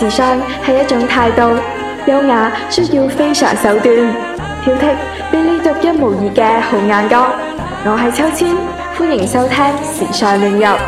時尚係一種態度，優雅需要非常手段，挑剔，俾你獨一無二嘅紅眼光。我係秋千，歡迎收聽時尚亂入。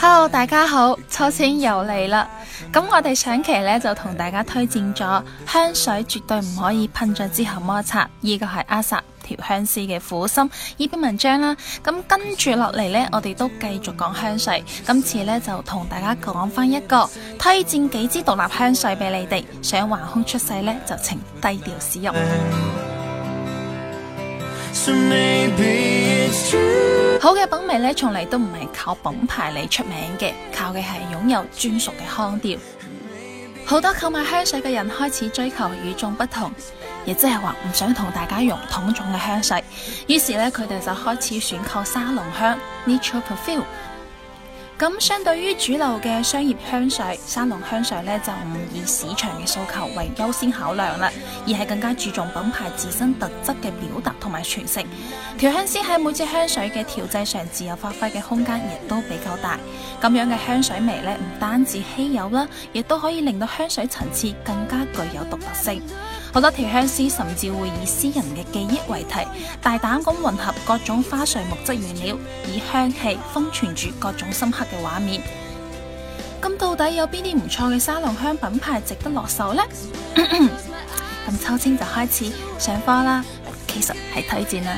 Hello，大家好，秋千又嚟啦。咁我哋上期呢，就同大家推薦咗香水絕對唔可以噴咗之後摩擦，呢、這個係阿 Sa，條香師嘅苦心，呢篇文章啦，咁跟住落嚟呢，我哋都繼續講香水。今次呢，就同大家講翻一個，推薦幾支獨立香水俾你哋。想橫空出世呢，就請低調使用。好嘅品味呢，從嚟都唔係靠品牌嚟出名嘅，靠嘅係擁有專屬嘅腔調。好多購買香水嘅人開始追求與眾不同。亦即係話唔想同大家用同種嘅香水，於是咧佢哋就開始選購沙龍香 n a t u r o perfume）。咁 相對於主流嘅商業香水，沙龍香水咧就唔以市場嘅訴求為優先考量啦，而係更加注重品牌自身特質嘅表達同埋詮釋。調香師喺每支香水嘅調製上自由發揮嘅空間亦都比較大。咁樣嘅香水味咧唔單止稀有啦，亦都可以令到香水層次更加具有獨特性。好多調香師甚至會以私人嘅記憶為題，大膽咁混合各種花萃、木質原料，以香氣封存住各種深刻嘅畫面。咁到底有邊啲唔錯嘅沙龍香品牌值得落手呢？咁咳咳秋千就開始上課啦。其實係推薦啊。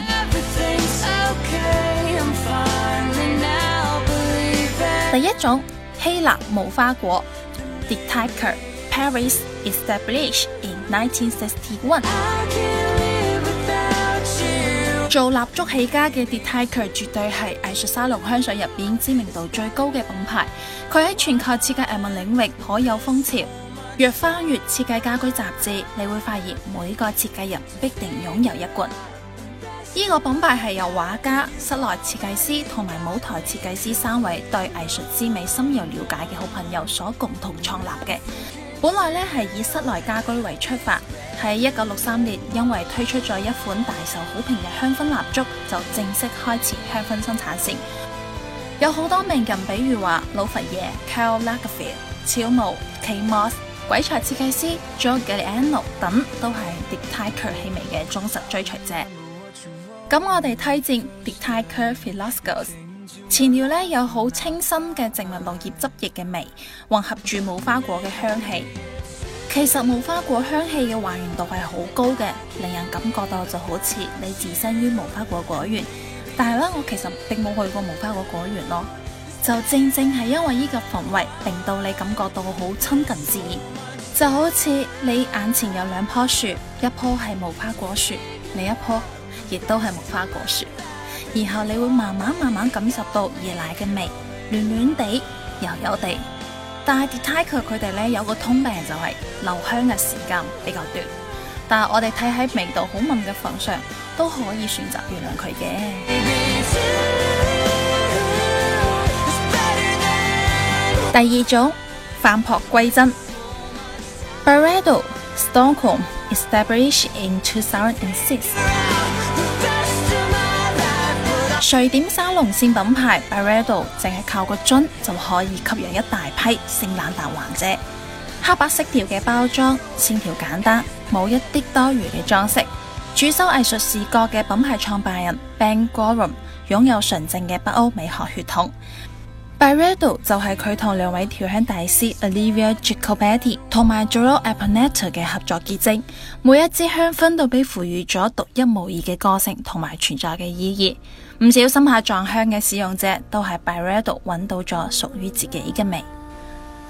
第一種希臘無花果 Diptyque Paris established 1961，做蠟燭起家嘅 Diptyque 絕對係藝術沙龍香水入邊知名度最高嘅品牌。佢喺全球設計藝文領域頗有風潮。若翻閱設計家居雜誌，你會發現每個設計人必定擁有一罐。呢、這個品牌係由畫家、室內設計師同埋舞台設計師三位對藝術之美深有了解嘅好朋友所共同創立嘅。本來咧係以室內家居為出發，喺一九六三年，因為推出咗一款大受好評嘅香薰蠟燭，就正式開始香薰生產線。有好多名人比說，比如話老佛爺 Karl Lagerfeld、超模 Kate Moss、鬼才設計師 John Galliano 等，都係 Diptyque 氣味嘅忠實追隨者。咁我哋推薦 Diptyque Philosykos。前調咧有好清新嘅植物落葉汁液嘅味，混合住無花果嘅香氣。其實無花果香氣嘅還原度係好高嘅，令人感覺到就好似你置身於無花果果園。但係咧，我其實並冇去過無花果果園咯，就正正係因為呢個氛圍，令到你感覺到好親近自然。就好似你眼前有兩棵樹，一棵係無花果樹，另一棵亦都係無花果樹。然後你會慢慢慢慢感受到椰奶嘅味，暖暖地、柔柔地。但係 Diptyque 佢哋咧，有個通病就係留香嘅時間比較短。但係我哋睇喺味道好聞嘅份上，都可以選擇原諒佢嘅。第二種返璞歸真 BYREDO Stockholm established in 2006。瑞典沙龍線品牌 BYREDO 淨係靠個樽就可以吸引一大批性冷淡患者。黑白色調嘅包裝線條簡單，冇一啲多餘嘅裝飾。主修藝術視覺嘅品牌創辦人 Ben Gorham 擁有純正嘅北歐美學血統。BYREDO 就係佢同兩位調香大師 Olivia Giacobetti 同埋 Jérôme Epinette 嘅合作結晶。每一支香薰都被賦予咗獨一無二嘅個性同埋存在嘅意義。唔小心下撞香嘅使用者都係 Byredo 揾到咗屬於自己嘅味。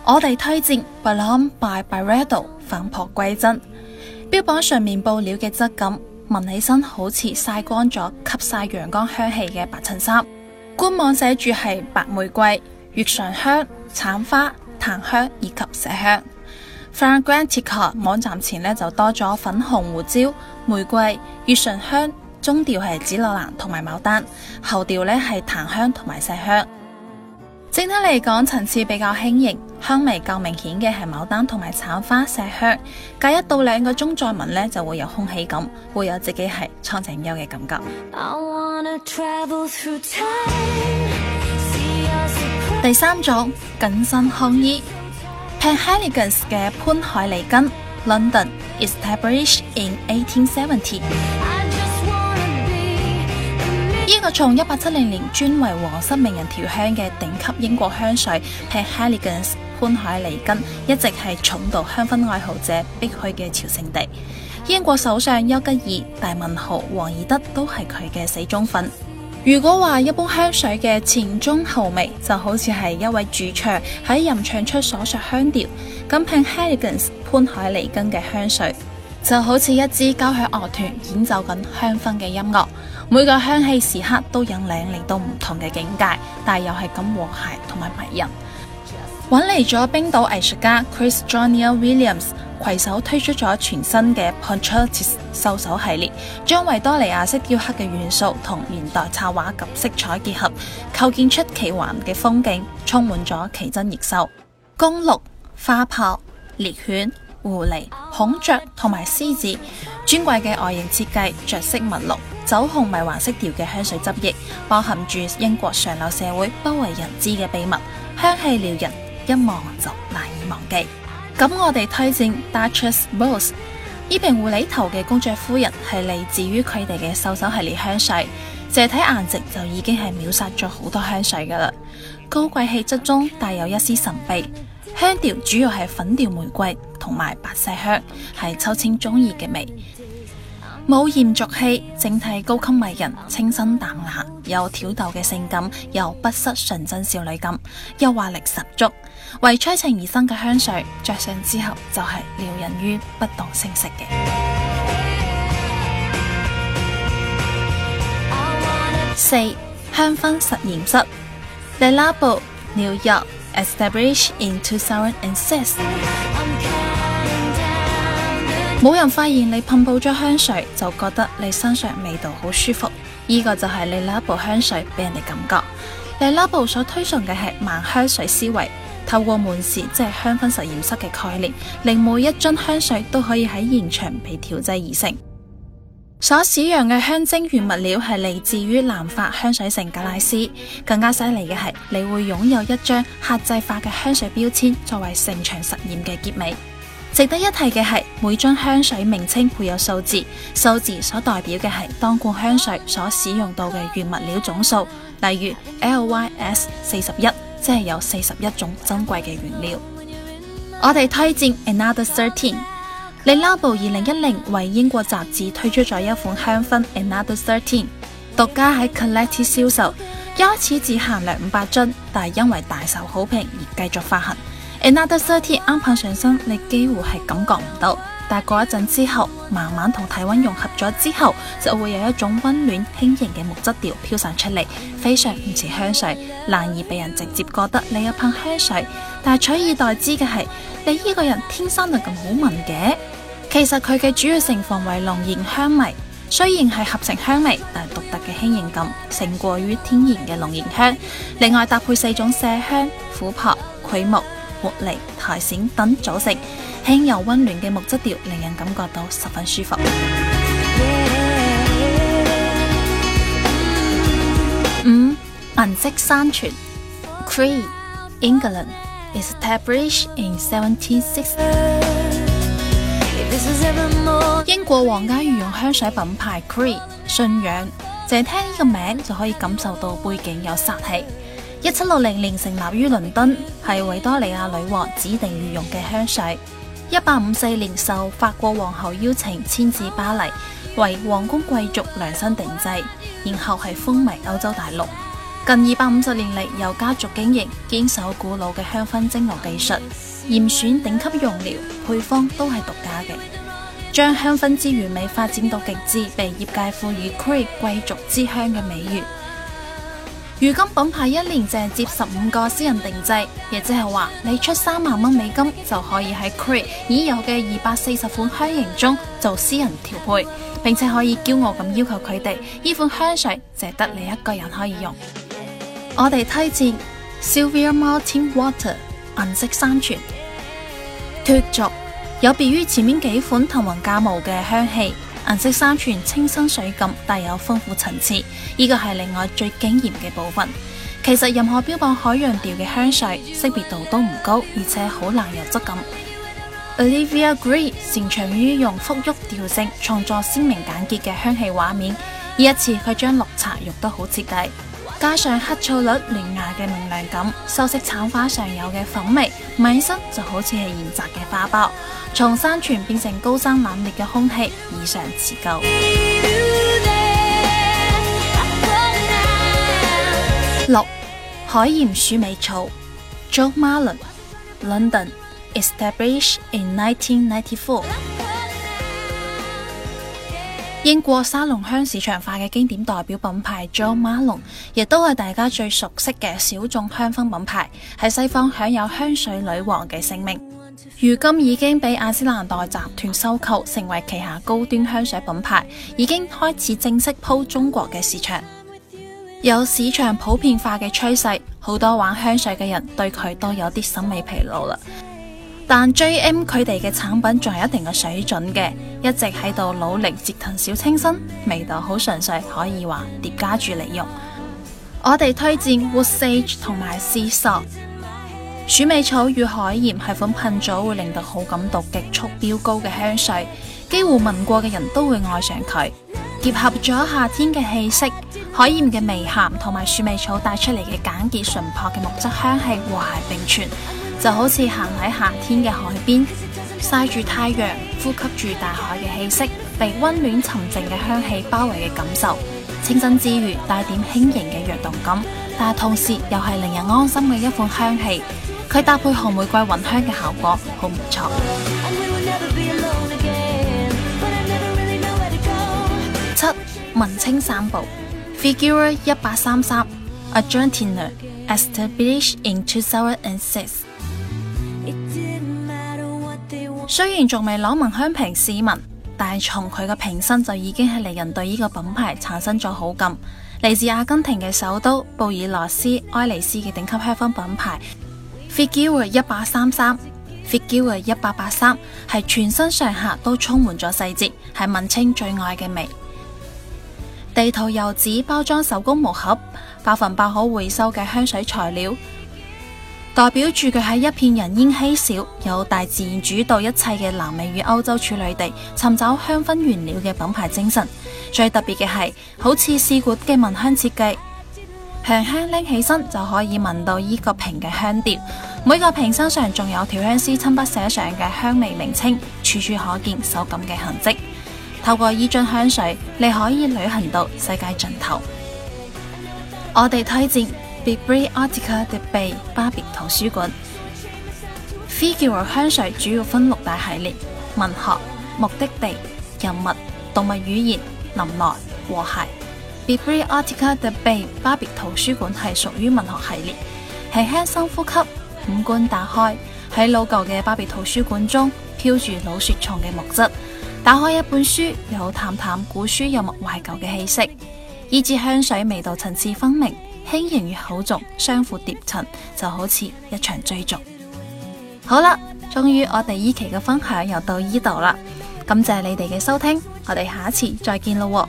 我哋推薦 Bloom by Byredo 反璞歸真，標榜上面布料嘅質感，聞起身好似曬乾咗、吸晒陽光香氣嘅白襯衫。官網寫住係白玫瑰、月唇香、橙花、檀香以及麝香。Fragrantica 嘅網站前呢就多咗粉紅胡椒、玫瑰、月唇香。中調係紫羅蘭同埋牡丹，後調呢係檀香同埋麝香。整體嚟講層次比較輕盈，香味較明顯嘅係牡丹同埋橙花麝香。隔一到兩個鐘再聞呢，就會有空氣感，會有自己係蒼井優嘅感覺。Time，第三種緊身胸衣，Penhaligon's 嘅潘海利根，London established in 1870。呢個從一八七零年專為皇室名人調香嘅頂級英國香水 Penhaligon's 潘海尼根，一直係重度香薰愛好者必去嘅朝聖地。英國首相丘吉爾、大文豪王爾德都係佢嘅死忠粉。如果話一般香水嘅前中後味就好似係一位主唱喺吟唱出所屬香調，咁 Penhaligon's 潘海尼根嘅香水就好似一支交響樂團演奏緊香薰嘅音樂。每個香氣時刻都引領嚟到唔同嘅境界，但又係咁和諧同埋迷人。揾嚟咗冰島藝術家 Chris Jonial Williams 攜手推出咗全新嘅 Portraits 袖手系列，將維多利亞式雕刻嘅元素同現代插畫及色彩結合，構建出奇幻嘅風景，充滿咗奇珍異獸：公鹿、花豹、獵犬、狐狸、孔雀同埋獅子。尊貴嘅外形設計，着色紋路。酒紅迷幻色調嘅香水汁液，包含住英國上流社會不為人知嘅秘密，香氣撩人，一望就難以忘記。咁我哋推薦 Duchess Rose 依瓶狐狸頭嘅公爵夫人，係嚟自於佢哋嘅獸首系列香水，淨係睇顏值就已經係秒殺咗好多香水噶啦。高貴氣質中帶有一絲神秘，香調主要係粉調玫瑰同埋白麝香，係秋千中意嘅味。冇艷俗氣，整體高級迷人，清新淡雅，有挑逗嘅性感，又不失純真少女感，誘惑力十足。為催情而生嘅香水，着上之後就係撩人於不動聲色嘅。四 wanna... 香氛實驗室 Le Labo，New York，established in two thousand and six。冇人發現你噴爆咗香水，就覺得你身上味道好舒服。依、這個就係 Le Labo 香水俾人哋感覺。Le Labo 所推崇嘅係慢香水思維，透過門市即係香氛實驗室嘅概念，令每一樽香水都可以喺現場被調製而成。所使用嘅香精原物料係嚟自於南法香水城格拉斯。更加犀利嘅係，你會擁有一張客製化嘅香水標籤作為成場實驗嘅結尾。值得一提嘅係，每樽香水名稱配有數字，數字所代表嘅係當罐香水所使用到嘅原物料總數。例如 Lys 四十一，即係有四十一種珍貴嘅原料。 我哋推薦 Another Thirteen。Le Labo 二零一零為英國雜誌推出咗一款香薰 Another Thirteen，獨家喺 Collected 銷售，一開始只限量五百樽，但係因為大受好評而繼續發行。Another thirty 啱噴上身，你幾乎係感覺唔到。但係過一陣之後，慢慢同體溫融合咗之後，就會有一種溫暖輕盈嘅木質調飄散出嚟，非常唔似香水，難以畀人直接覺得你有噴香水。但取而代之嘅係你呢個人天生就咁好聞嘅。其實佢嘅主要成分為龍涎香味，雖然係合成香味，但係獨特嘅輕盈感勝過於天然嘅龍涎香。另外搭配四種麝香、琥珀、檜木，活力苔蘚等組成，輕柔温暖嘅木質調，令人感覺到十分舒服。嗯、yeah, yeah.，五、銀色山泉 Creed England, established in 1760。英國皇家御用香水品牌 Creed 信仰，淨係聽呢個名就可以感受到背景有殺氣。一七六零年成立於倫敦，係維多利亞女王指定御用嘅香水。一八五四年受法國皇后邀請，遷至巴黎，為皇宮貴族量身定製，然後係風靡歐洲大陸。近二百五十年嚟由家族經營，堅守古老嘅香薰蒸餾技術，嚴選頂級用料，配方都係獨家嘅，將香薰之完美發展到極致，被業界賦予 “Creed 貴族之香的”嘅美譽。如今品牌一年淨接十五個私人定製，亦即係話你出三萬蚊美金就可以喺 Creed 已有嘅二百四十款香型中做私人調配，並且可以驕傲咁要求佢哋呢款香水只得你一個人可以用。我哋推薦 Silver Mountain Water 銀色山泉，脱俗有別於前面幾款騰雲駕霧嘅香氣。顏色山泉清新水感，帶有豐富層次，呢個係另外最驚艷嘅部分。其實任何標榜海洋調嘅香水，識別度都唔高，而且好難有質感。Olivia Grey 擅長於用馥郁調性創作鮮明簡潔嘅香氣畫面，呢一次佢將綠茶用得好徹底，加上黑醋栗嫩芽嘅明亮感，修飾橙花上有嘅粉味，聞起身就好似係現摘嘅花苞。從山泉變成高山冷冽嘅空氣，異常持久。六、海鹽鼠尾草，Jo Malone London，established in 1994。 英國沙龍香市場化嘅經典代表品牌 Jo Malone 亦都係大家最熟悉嘅小眾香氛品牌，喺西方享有香水女王嘅盛名。如今已經俾雅詩蘭黛集團收購，成為旗下高端香水品牌，已經開始正式鋪中國嘅市場。有市場普遍化嘅趨勢，好多玩香水嘅人對佢都有啲審美疲勞啦。但 JM 佢哋嘅產品仲有一定嘅水準嘅，一直喺度努力折騰小清新，味道好純粹，可以話疊加住利用。我哋推薦 Wood Sage 同埋 Sea Salt。鼠尾草與海鹽係款噴咗會令到好感度極速飆高嘅香水，幾乎聞過嘅人都會愛上佢。結合咗夏天嘅氣息，海鹽嘅微鹹同埋鼠尾草帶出嚟嘅簡潔純樸嘅木質香氣和諧並存，就好似行喺夏天嘅海邊晒住太陽，呼吸住大海嘅氣息，被溫暖沉靜嘅香氣包圍嘅感受，清新之餘帶點輕盈嘅躍動感，但係同時又係令人安心嘅一款香氣。佢搭配紅玫瑰混香嘅效果好唔錯。錯 we'll again, really、七文青散步，Fueguia 一八三三 Argentina established in two thousand and six。雖然仲未攞聞香瓶市民，但係從佢嘅瓶身就已經係令人對呢個品牌產生咗好感。嚟自阿根廷，嘅首都布宜諾斯艾利斯嘅頂級香氛品牌。Fueguia 一八三三，Fueguia 一八八三，係全身上下都充滿咗細節，係文青最愛嘅味。地圖油紙包裝、手工木盒、百分百可回收嘅香水材料，代表住佢喺一片人煙稀少、由大自然主導一切嘅南美與歐洲處女地，尋找香氛原料嘅品牌精神。最特別嘅係，好似試管嘅聞香設計。強香拎起身就可以聞到依個瓶嘅香調，每個瓶身上仲有調香師親筆寫上嘅香味名稱，處處可見手感嘅痕迹。透過依樽香水，你可以旅行到世界盡頭。我哋推薦 Biblioteca de Babel，巴別圖書館。Fueguia 香水主要分六大系列：文學、目的地、人物、動物語言、林奈和諧。Biblioteca de Babel》的《巴別圖書館》係屬於文學系列，係輕鬆呼吸，五官打開。喺老舊嘅巴別圖書館中，飄住老雪松嘅木質。打開一本書，有淡淡古書又木懷舊嘅氣息。以至香水味道層次分明，輕盈與厚重相互疊襯，就好似一場追逐。好啦，終於我哋依期嘅分享又到依度啦。感謝你哋嘅收聽，我哋下一次再見咯。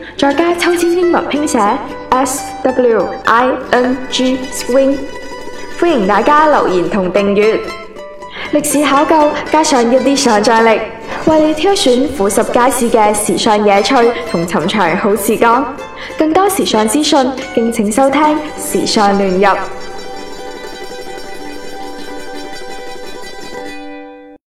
再加秋千英文拼寫，S W I N G swing, swing。歡迎大家留言同訂閱。歷史考究加上一啲想象力，為你挑選富十街市嘅時尚野趣同尋常好時光。更多時尚資訊，敬請收聽《時尚亂入》。